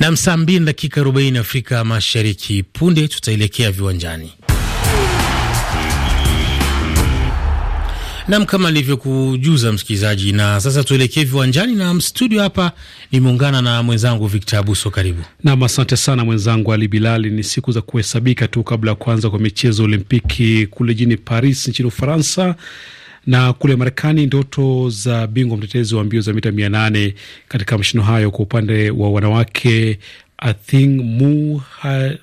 Nam, saa mbili na dakika arobaini Afrika Mashariki. Punde tutaelekea viwanjani. Nam, kama alivyokujuza msikilizaji, na sasa tuelekee viwanjani na studio hapa nimeungana na mwenzangu Victor Abuso. Karibu nam. Asante sana mwenzangu Ali Bilali. Ni siku za kuhesabika tu kabla ya kuanza kwa michezo ya Olimpiki kule jini Paris nchini Ufaransa. Na kule Marekani, ndoto za bingwa mtetezi wa mbio za mita mia nane katika mashindano hayo kwa upande wa wanawake Athing Mu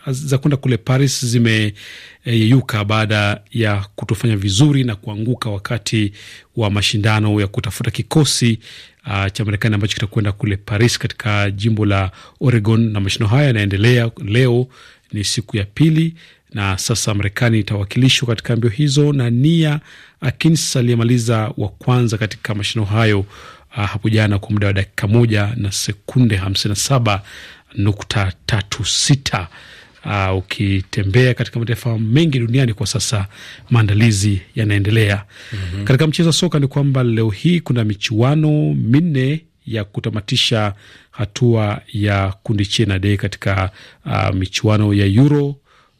za kwenda kule Paris zimeyeyuka e, baada ya kutofanya vizuri na kuanguka wakati wa mashindano ya kutafuta kikosi uh, cha Marekani ambacho kitakwenda kule Paris katika jimbo la Oregon. Na mashindano haya yanaendelea leo, ni siku ya pili na sasa Marekani itawakilishwa katika mbio hizo na Nia Akins aliyemaliza wa kwanza katika mashindano hayo uh, hapo jana kwa muda wa dakika moja na sekunde hamsini na saba nukta tatu sita. Uh, ukitembea katika mataifa mengi duniani kwa sasa maandalizi yanaendelea. mm -hmm. Katika mchezo wa soka ni kwamba leo hii kuna michuano minne ya kutamatisha hatua ya kundi C na D katika uh, michuano ya Euro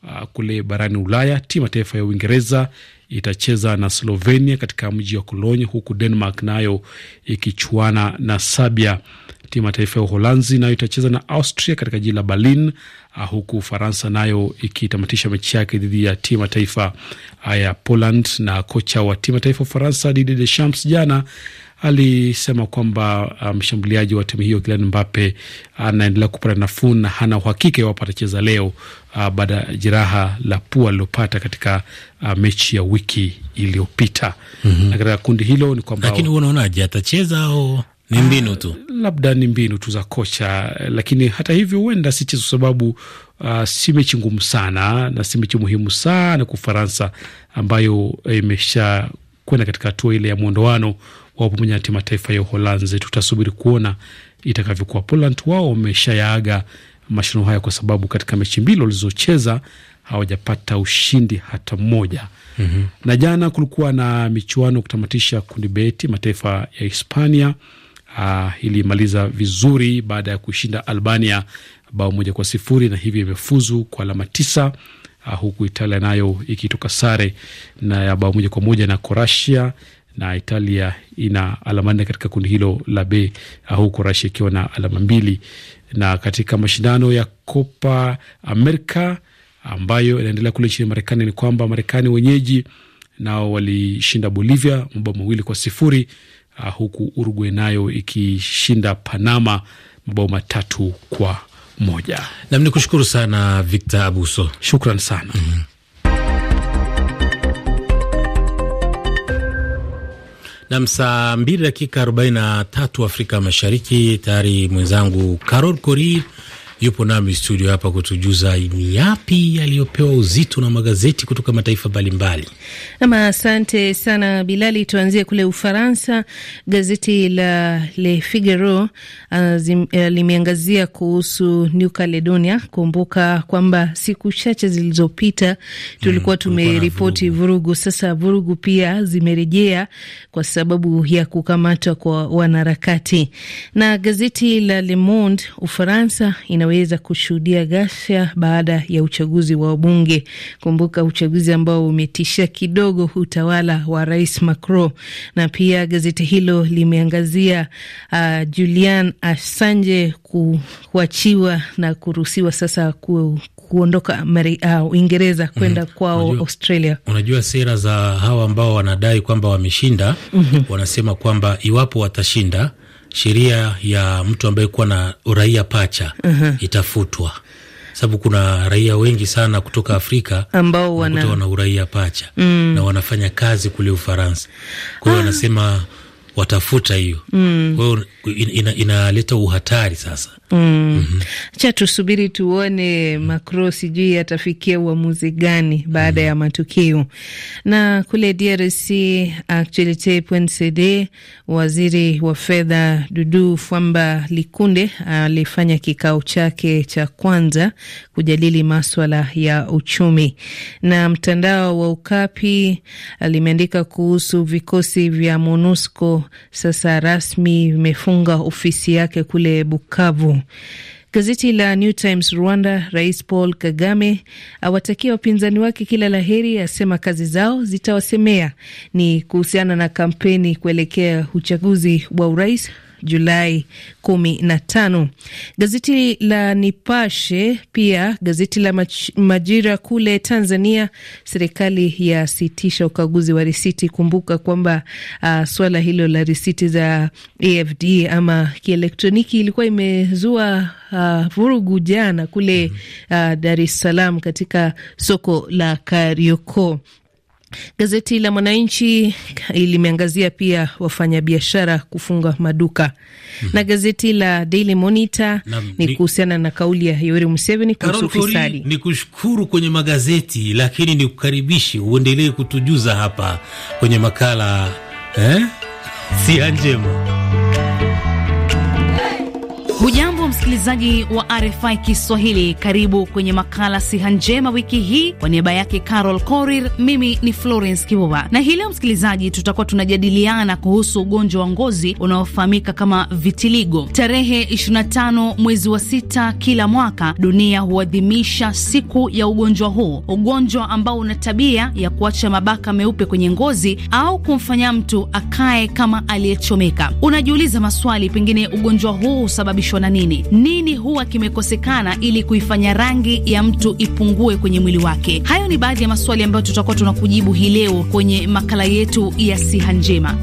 uh, kule barani Ulaya. Timu ya taifa ya Uingereza itacheza na Slovenia katika mji wa Cologne, huku Denmark nayo ikichuana na Sabia. Timu ya taifa ya Uholanzi nayo itacheza na Austria katika jiji la Berlin, uh, huku Ufaransa nayo ikitamatisha mechi yake dhidi ya timu ya taifa ah, ya Poland. Na kocha wa timu ya taifa ya Ufaransa Didier Deschamps jana alisema kwamba uh, mshambuliaji um, wa timu hiyo Kylian Mbappe anaendelea kupata nafuu na hana uhakika iwapo atacheza leo uh, baada ya jeraha la pua alilopata katika uh, mechi ya wiki iliyopita mm -hmm. Na katika kundi hilo ni kwamba, lakini unaonaje atacheza au ni ah, mbinu tu, Uh, labda ni mbinu tu za kocha, lakini hata hivyo huenda sichezi kwa sababu uh, si mechi ngumu sana na si mechi muhimu sana kwa Ufaransa ambayo imesha kwenda katika hatua ile ya mwondoano wao pamoja na timu ya taifa ya Uholanzi. Tutasubiri kuona itakavyokuwa. Poland wao wameshayaaga mashindano haya kwa sababu katika mechi mbili walizocheza hawajapata ushindi hata mmoja. mm -hmm. Na jana kulikuwa na michuano kutamatisha kundi beti mataifa ya Hispania uh, ilimaliza vizuri baada ya kushinda Albania bao moja kwa sifuri na hivyo imefuzu kwa alama tisa. Uh, huku Italia nayo ikitoka sare na ya bao moja kwa moja na Kroatia na Italia ina alama nne katika kundi hilo la B, uh, huku Rasia ikiwa na alama mbili. Na katika mashindano ya Copa America uh, ambayo inaendelea kule nchini Marekani ni kwamba Marekani wenyeji nao walishinda Bolivia mabao mawili kwa sifuri uh, huku Uruguay nayo ikishinda Panama mabao matatu kwa moja. Nam ni kushukuru sana Victor Abuso, shukran sana mm -hmm. Nam, saa mbili dakika arobaini na tatu Afrika Mashariki. Tayari mwenzangu Carol Korir yupo nami studio hapa kutujuza ni yapi yaliyopewa uzito na magazeti kutoka mataifa mbalimbali. Ama asante sana Bilali, tuanzie kule Ufaransa. Gazeti la Le Figaro uh, uh, limeangazia kuhusu New Caledonia. Kumbuka kwamba siku chache zilizopita tulikuwa mm, tumeripoti vurugu. vurugu sasa vurugu pia zimerejea kwa sababu ya kukamatwa kwa wanaharakati, na gazeti la Le Monde Ufaransa ina inaweza kushuhudia ghasia baada ya uchaguzi wa wabunge. Kumbuka uchaguzi ambao umetishia kidogo utawala wa Rais Macron. Na pia gazeti hilo limeangazia uh, Julian Assange kuachiwa na kuruhusiwa sasa ku, kuondoka uh, Uingereza uh, kwenda mm -hmm. kwao unajua, Australia. Unajua sera za hawa ambao wanadai kwamba wameshinda mm -hmm. wanasema kwamba iwapo watashinda sheria ya mtu ambaye kuwa na uraia pacha mm -hmm. itafutwa sababu kuna raia wengi sana kutoka Afrika ambao wana, wana uraia pacha mm. na wanafanya kazi kule Ufaransa. Kwa hiyo ah. wanasema watafuta hiyo mm. kwa hiyo inaleta ina uhatari sasa Mm. Mm -hmm. Cha tusubiri tuone Macron sijui atafikia uamuzi gani baada mm. ya matukio. Na kule DRC Actualite CD, waziri wa fedha Dudu Fwamba Likunde alifanya kikao chake cha kwanza kujadili maswala ya uchumi. Na mtandao wa Ukapi uh, limeandika kuhusu vikosi vya MONUSCO sasa rasmi vimefunga ofisi yake kule Bukavu. Gazeti la New Times Rwanda, Rais Paul Kagame awatakia wapinzani wake kila laheri, asema kazi zao zitawasemea. Ni kuhusiana na kampeni kuelekea uchaguzi wa urais Julai kumi na tano. Gazeti la Nipashe pia gazeti la Majira kule Tanzania, serikali yasitisha ukaguzi wa risiti. Kumbuka kwamba uh, swala hilo la risiti za AFD ama kielektroniki ilikuwa imezua uh, vurugu jana kule mm-hmm. uh, Dar es Salaam katika soko la Karioko. Gazeti la Mwananchi limeangazia pia wafanyabiashara kufunga maduka mm -hmm. na gazeti la Daily Monitor na, ni, kuhusiana na kauli ya Yoweri Museveni kuhusu ufisadi. Ni kushukuru kwenye magazeti, lakini ni kukaribishi uendelee kutujuza hapa kwenye makala eh? Siha Njema. Hujambo msikilizaji wa RFI Kiswahili, karibu kwenye makala siha njema wiki hii. Kwa niaba yake Carol Korir, mimi ni Florence Kibuba, na hii leo msikilizaji, tutakuwa tunajadiliana kuhusu ugonjwa wa ngozi unaofahamika kama vitiligo. Tarehe 25 mwezi wa sita kila mwaka dunia huadhimisha siku ya ugonjwa huu, ugonjwa ambao una tabia ya kuacha mabaka meupe kwenye ngozi au kumfanya mtu akae kama aliyechomeka. Unajiuliza maswali, pengine ugonjwa huu inasababishwa na nini? Nini huwa kimekosekana ili kuifanya rangi ya mtu ipungue kwenye mwili wake? Hayo ni baadhi ya maswali ambayo tutakuwa tunakujibu hii leo kwenye makala yetu ya siha njema.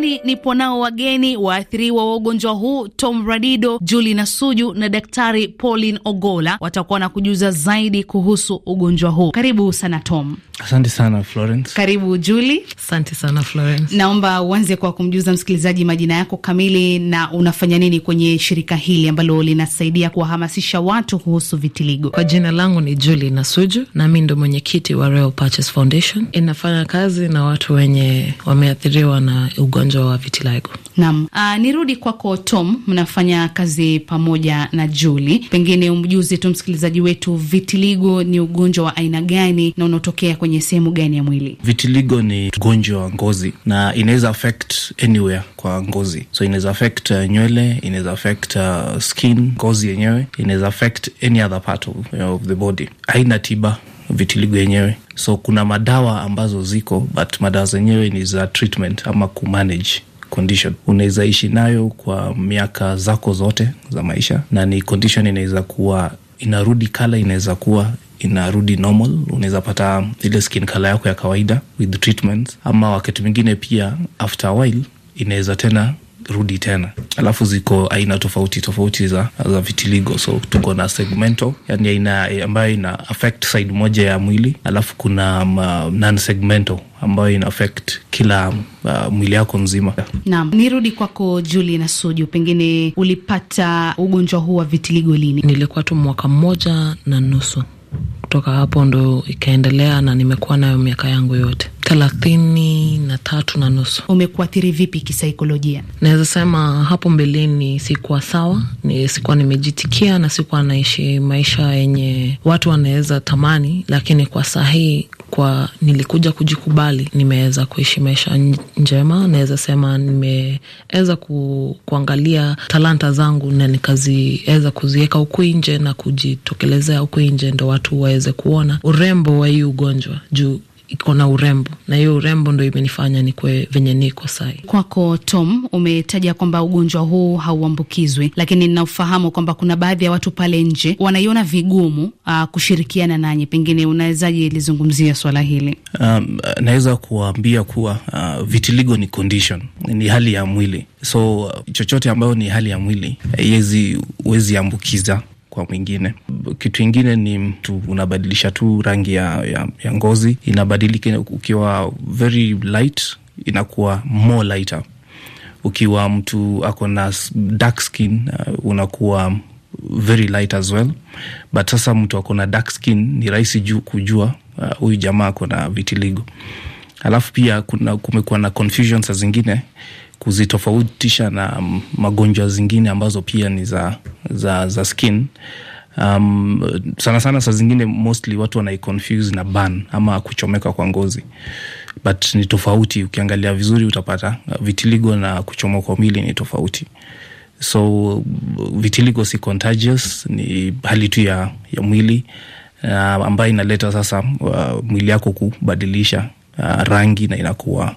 studioni nipo nao wageni waathiriwa wa ugonjwa huu Tom Radido, Juli na Suju na Daktari Paulin Ogola watakuwa na kujuza zaidi kuhusu ugonjwa huu. Karibu sana Tom. Asante sana Florence. Karibu Juli. Asante sana Florence. Naomba uanze kwa kumjuza msikilizaji majina yako kamili na unafanya nini kwenye shirika hili ambalo linasaidia kuwahamasisha watu kuhusu vitiligo. Kwa jina langu ni Juli Nasuju nami ndo mwenyekiti wa Royal Foundation. Inafanya kazi na watu wenye wameathiriwa na ugonjwa ugonjwa wa vitiligo. Naam. Uh, nirudi kwako Tom, mnafanya kazi pamoja na juli pengine umjuzi tu msikilizaji wetu vitiligo ni ugonjwa wa aina gani na unaotokea kwenye sehemu gani ya mwili? Vitiligo ni ugonjwa wa ngozi na inaweza affect anywhere kwa ngozi, so inaweza affect uh, nywele, inaweza affect uh, skin, ngozi yenyewe, inaweza affect any other part of, you know, of the body. Haina tiba vitiligo yenyewe So kuna madawa ambazo ziko but madawa zenyewe ni za treatment ama kumanage condition. Unaweza ishi nayo kwa miaka zako zote za maisha, na ni condition inaweza kuwa inarudi kala, inaweza kuwa inarudi normal. Unaweza pata ile skin kala yako ya kawaida with treatment, ama wakati mwingine pia after a while inaweza tena rudi tena. Alafu ziko aina tofauti tofauti za, za vitiligo, so tuko na segmento yani aina ambayo ina affect side moja ya mwili, alafu kuna um, non ambayo ina affect kila um, uh, mwili yako mzima. Naam, nirudi kwako Juli na Suju, pengine ulipata ugonjwa huu wa vitiligo lini? Nilikuwa tu mwaka mmoja na nusu kutoka hapo ndo ikaendelea na nimekuwa nayo miaka yangu yote thelathini na tatu na nusu. Umekuathiri vipi kisaikolojia? Naweza sema hapo mbeleni sikuwa sawa, ni sikuwa nimejitikia na sikuwa naishi maisha yenye watu wanaweza tamani, lakini kwa sahii kwa nilikuja kujikubali, nimeweza kuishi maisha njema. Naweza sema nimeweza ku, kuangalia talanta zangu na nikaziweza kuziweka huku nje na kujitokelezea huku nje, ndo watu wae niweze kuona urembo wa hii ugonjwa juu iko na urembo na hiyo urembo ndo imenifanya nikwe venye niko sai. Kwako Tom, umetaja kwamba ugonjwa huu hauambukizwi, lakini ninaufahamu kwamba kuna baadhi ya watu pale nje wanaiona vigumu uh, kushirikiana nanyi, pengine unawezaje lizungumzia swala hili? Um, naweza kuwaambia kuwa uh, vitiligo ni condition, ni hali ya mwili so uh, chochote ambayo ni hali ya mwili huwezi ambukiza kwa mwingine. Kitu ingine ni mtu unabadilisha tu rangi ya, ya, ya ngozi inabadilika. Ukiwa very light inakuwa more lighter, ukiwa mtu ako na dark skin uh, unakuwa very light as well, but sasa mtu ako na dark skin ni rahisi juu kujua uh, huyu uh, jamaa ako na vitiligo. Alafu pia kuna kumekuwa na confusion saa zingine kuzitofautisha na magonjwa zingine ambazo pia ni za, za, za skin um, sana sana saa zingine mostly watu wanaiconfuse na burn ama kuchomeka kwa ngozi but ni tofauti ukiangalia vizuri utapata uh, vitiligo na kuchoma kwa mwili ni tofauti so vitiligo si contagious ni hali tu ya, ya mwili uh, ambayo inaleta sasa uh, mwili yako kubadilisha uh, rangi na inakuwa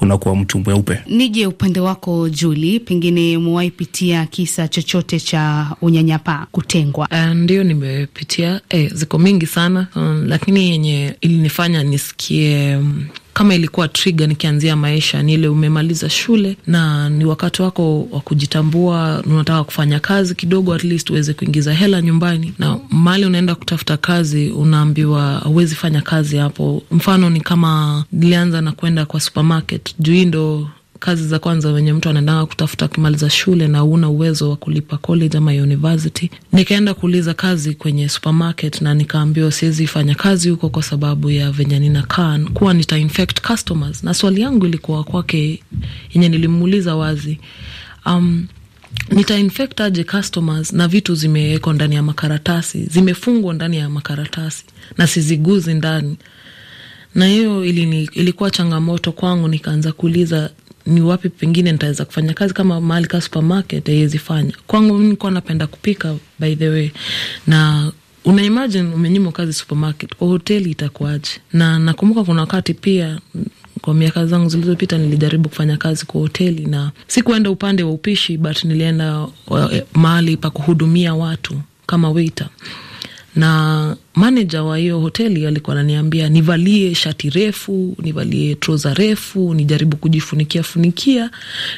unakuwa mtu mweupe. Nije upande wako Juli, pengine umewahi pitia kisa chochote cha unyanyapaa, kutengwa? Uh, ndio nimepitia, eh, ziko mingi sana um, lakini yenye ilinifanya nisikie um, kama ilikuwa trigger nikianzia maisha, ni ile umemaliza shule na ni wakati wako wa kujitambua, unataka kufanya kazi kidogo, at least uweze kuingiza hela nyumbani, na mali unaenda kutafuta kazi unaambiwa huwezi fanya kazi hapo. Mfano ni kama nilianza na kwenda kwa supermarket juu hii ndo kazi za kwanza wenye mtu anaendanga kutafuta kimaliza shule na una uwezo wa kulipa college ama university. Nikaenda kuuliza kazi kwenye supermarket na nikaambiwa siwezi fanya kazi huko kwa sababu ya venye ninakaa, kuwa nita infect customers. Na swali yangu ilikuwa kwake yenye nilimuuliza wazi, um, nita infect aje customers na vitu zimewekwa ndani ya makaratasi, zimefungwa ndani ya makaratasi na siziguzi ndani na hiyo ilikuwa changamoto kwangu. Nikaanza kuuliza ni wapi pengine nitaweza kufanya kazi kama mahali ka supermarket haiwezi fanya kwangu. nikuwa napenda kupika by the way, na una imagine umenyimwa kazi supermarket, kwa hoteli itakuwaje? Na nakumbuka kuna wakati pia kwa miaka zangu zilizopita nilijaribu kufanya kazi kwa hoteli, na sikuenda upande wa upishi, but nilienda eh, mahali pa kuhudumia watu kama waiter na maneja wa hiyo hoteli alikuwa ananiambia nivalie shati refu, nivalie troza refu, nijaribu kujifunikia funikia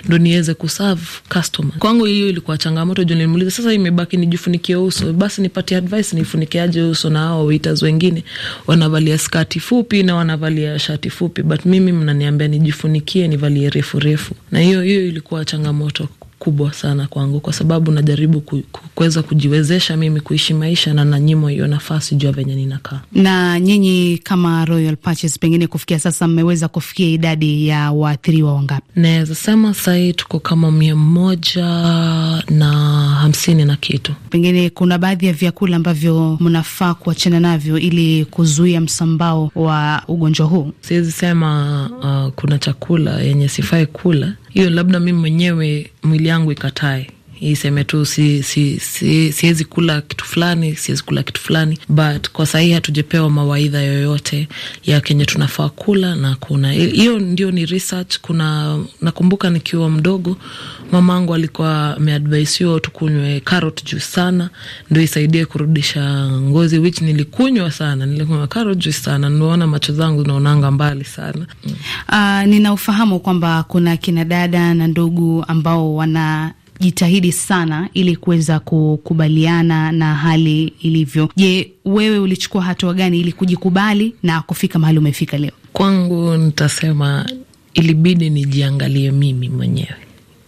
ndo niweze kuserve customer. Kwangu hiyo ilikuwa changamoto juu nilimuuliza, sasa imebaki nijifunikie uso, basi nipate advice nifunikiaje uso, na hao waiters wengine wanavalia skati fupi na wanavalia shati fupi, but mimi mnaniambia nijifunikie nivalie refu refu, na hiyo hiyo ilikuwa changamoto kubwa sana kwangu, kwa sababu najaribu kuweza kujiwezesha mimi kuishi maisha na nanyimwa hiyo nafasi juu ya venye ninakaa. Na nyinyi kama Royal Patches, pengine kufikia sasa mmeweza kufikia idadi ya waathiriwa wangapi? Naweza sema sahii tuko kama mia moja na hamsini na kitu. Pengine kuna baadhi ya vyakula ambavyo mnafaa kuachana navyo ili kuzuia msambao wa ugonjwa huu? Siwezi sema uh, kuna chakula yenye sifai kula hiyo labda mimi mwenyewe mwili yangu ikatae iseme tu si, si, si, siwezi kula kitu fulani, siwezi kula kitu fulani, but kwa sahii hatujepewa mawaidha yoyote ya kenye tunafaa kula na kuna hiyo ndio ni research. Kuna nakumbuka nikiwa mdogo mamangu alikuwa ameadvaisiwa tukunywe carrot juice sana ndio isaidie kurudisha ngozi, which nilikunywa sana, nilikunywa carrot juice sana, naona macho zangu naonanga mbali sana mm. Uh, nina ufahamu kwamba kuna kina dada na ndugu ambao wana jitahidi sana ili kuweza kukubaliana na hali ilivyo. Je, wewe ulichukua hatua gani ili kujikubali na kufika mahali umefika leo? Kwangu nitasema ilibidi nijiangalie mimi mwenyewe,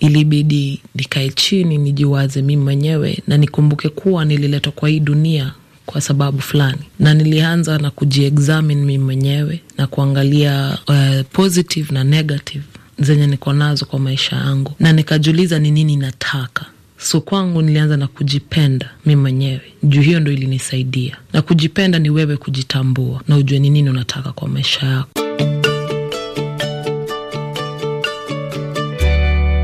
ilibidi nikae chini, nijiwaze mimi mwenyewe na nikumbuke kuwa nililetwa kwa hii dunia kwa sababu fulani, na nilianza na kujiexamine mimi mwenyewe na kuangalia uh, positive na negative zenye niko nazo kwa maisha yangu, na nikajiuliza ni nini nataka. So kwangu nilianza na kujipenda mi mwenyewe, juu hiyo ndo ilinisaidia. Na kujipenda ni wewe kujitambua na ujue ni nini unataka kwa maisha yako.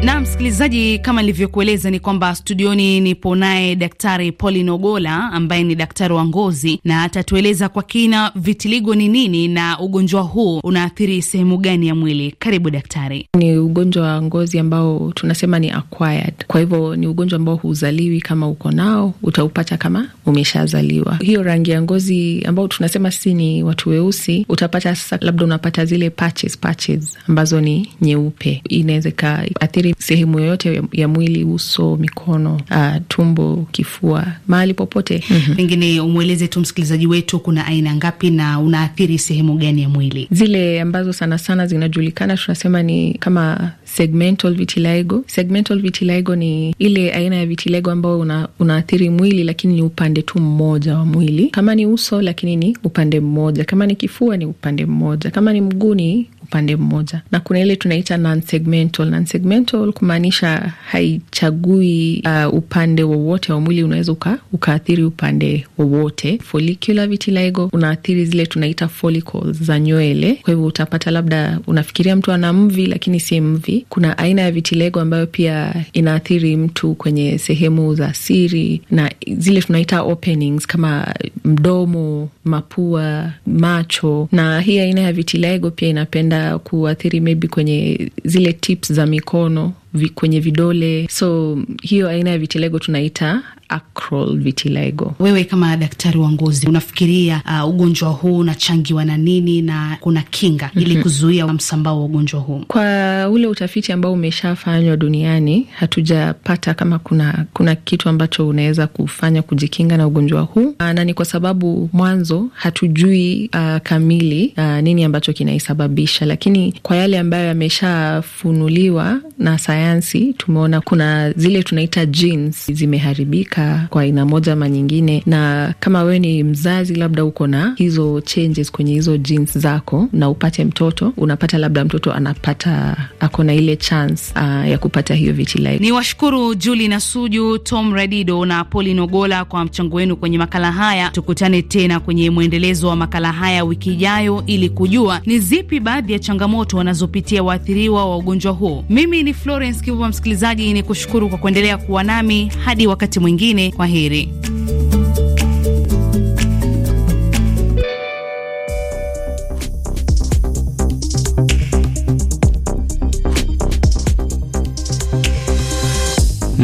Na msikilizaji, kama nilivyokueleza ni kwamba studioni nipo naye Daktari Pauline Ogola ambaye ni daktari wa ngozi na atatueleza kwa kina vitiligo ni nini na ugonjwa huu unaathiri sehemu gani ya mwili. Karibu daktari. Ni ugonjwa wa ngozi ambao tunasema ni acquired. Kwa hivyo ni ugonjwa ambao huzaliwi, kama uko nao utaupata kama umeshazaliwa. Hiyo rangi ya ngozi ambao tunasema si ni watu weusi, utapata sasa, labda unapata zile patches, patches ambazo ni nyeupe, inaweza ikaathiri sehemu yoyote ya mwili, uso, mikono, uh, tumbo, kifua, mahali popote. Mhm. Pengine mm -hmm. umweleze tu msikilizaji wetu kuna aina ngapi na unaathiri sehemu gani ya mwili? Zile ambazo sana sana zinajulikana tunasema ni kama segmental vitiligo. Segmental vitiligo ni ile aina ya vitiligo ambayo una, unaathiri mwili lakini ni upande tu mmoja wa mwili. Kama ni uso, lakini ni upande mmoja. Kama ni kifua, ni upande mmoja. Kama ni mguu, ni upande mmoja, na kuna ile tunaita non-segmental. Non-segmental kumaanisha haichagui uh, upande wowote wa mwili, unaweza uka, ukaathiri upande wowote. Follicular vitiligo unaathiri zile tunaita follicles za nywele. Kwa hivyo utapata labda unafikiria mtu ana mvi, lakini si mvi. Kuna aina ya vitiligo ambayo pia inaathiri mtu kwenye sehemu za siri na zile tunaita openings kama mdomo mapua, macho, na hii aina ya vitiligo pia inapenda kuathiri maybe kwenye zile tips za mikono kwenye vidole. So hiyo aina ya vitiligo tunaita acral vitiligo. Wewe kama daktari wa ngozi unafikiria uh, ugonjwa huu unachangiwa na nini na kuna kinga mm -hmm. ili mhm. kuzuia msambao wa ugonjwa huu? Kwa ule utafiti ambao umeshafanywa duniani, hatujapata kama kuna kuna kitu ambacho unaweza kufanya kujikinga na ugonjwa huu, uh, na ni kwa sababu mwanzo hatujui uh, kamili uh, nini ambacho kinaisababisha, lakini kwa yale ambayo yameshafunuliwa na sayansi kisayansi tumeona kuna zile tunaita genes zimeharibika kwa aina moja ama nyingine, na kama wewe ni mzazi labda uko na hizo changes kwenye hizo genes zako na upate mtoto, unapata labda mtoto anapata ako na ile chance uh, ya kupata hiyo vitiligo. Ni washukuru Juli na Suju, Tom Redido na Poli Nogola kwa mchango wenu kwenye makala haya. Tukutane tena kwenye mwendelezo wa makala haya wiki ijayo ili kujua ni zipi baadhi ya changamoto wanazopitia waathiriwa wa ugonjwa huo. Mimi ni Florence Florence Kivuva. Msikilizaji, ni kushukuru kwa kuendelea kuwa nami hadi wakati mwingine. Kwa heri.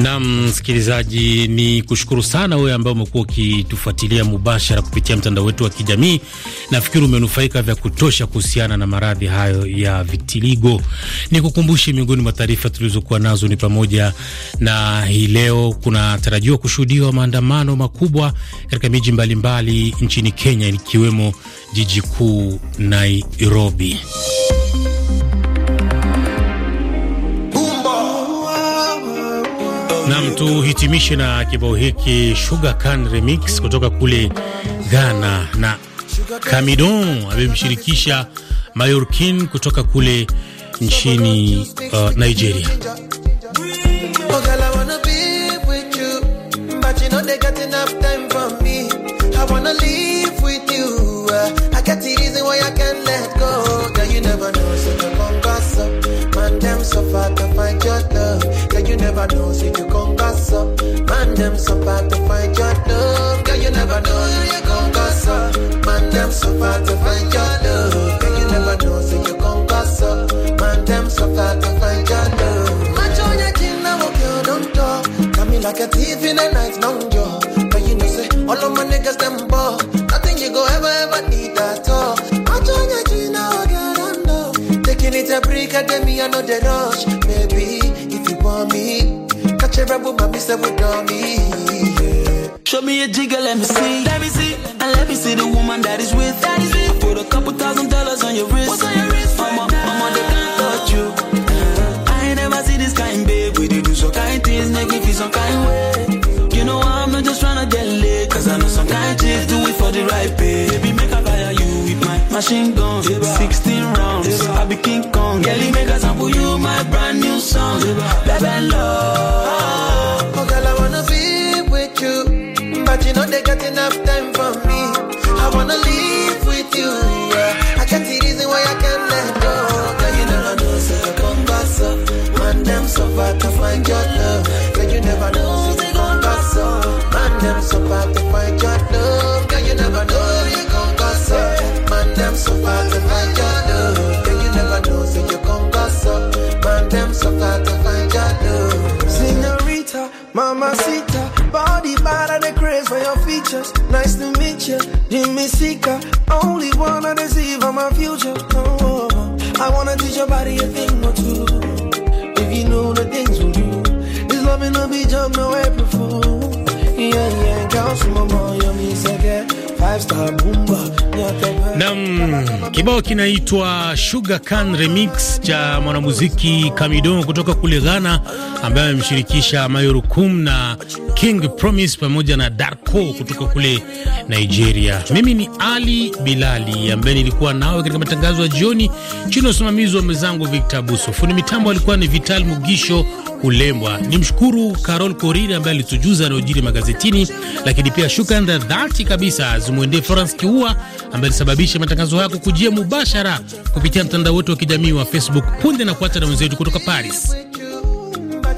Nam msikilizaji, ni kushukuru sana wewe ambaye umekuwa ukitufuatilia mubashara kupitia mtandao wetu wa kijamii. Nafikiri umenufaika vya kutosha kuhusiana na maradhi hayo ya vitiligo. Ni kukumbushe miongoni mwa taarifa tulizokuwa nazo ni pamoja na hii leo kunatarajiwa kushuhudiwa maandamano makubwa katika miji mbalimbali nchini Kenya, ikiwemo jiji kuu Nairobi. Nam, tuhitimishe na kibao hiki Sugar Can Remix kutoka kule Ghana na Camidon amemshirikisha Mayorkin kutoka kule nchini uh, Nigeria. never them so hard to find your love. Girl, you never know who you gon' cause up. Man, them so hard to find your love. Girl, you never know so you gon' cause up. Man, them so hard to find your love. Match Macho ya kina wokyo don't talk. Coming like a thief in the night, no jaw. But you know say all of my niggas them ball. Nothing you go ever ever need at all. Match Macho ya kina wokyo don't talk. Taking it a break, I me another rush. Maybe if you want me me say Show me a jigger, let me see. Let me see. And let me see the woman that is with. That is with. Put a couple thousand dollars on your wrist. What's on your wrist? Right mama, they can't touch you. Uh, I ain't never see this kind, babe. We do some kind things, make me feel some kind way. You know I'm not just trying to get laid. Cause I know some kind chicks do it for the right pay. Baby, make a fire you with my machine gun. Yeah, wanna live with you. Yeah. I can't see reason why I can't let go. Girl, you never know, say so come back Man, them so far to find your love. Girl, you never know, say so come back Man, them so far to find. somebody a thing or two. If you know the things we do, this love ain't no be jumping away before. Yeah, yeah, girls some more, mom, you mean second. Nam kibao kinaitwa Sugar Can Remix cha mwanamuziki Kamido kutoka kule Ghana ambaye amemshirikisha Mayorukum na King Promise pamoja na Darko kutoka kule Nigeria. Mimi ni Ali Bilali ambaye nilikuwa nawe katika matangazo ya jioni chini ya usimamizi wa mwenzangu Victor Buso. Fundi mitambo alikuwa ni Vital Mugisho Kulembwa. Nimshukuru Carol Koriri ambaye alitujuza anayojiri magazetini, lakini pia shukrani za dhati kabisa zimwendee Florence Kiua ambaye alisababisha matangazo haya kujia mubashara kupitia mtandao wetu wa kijamii wa Facebook punde na kuacha na wenzetu kutoka Paris.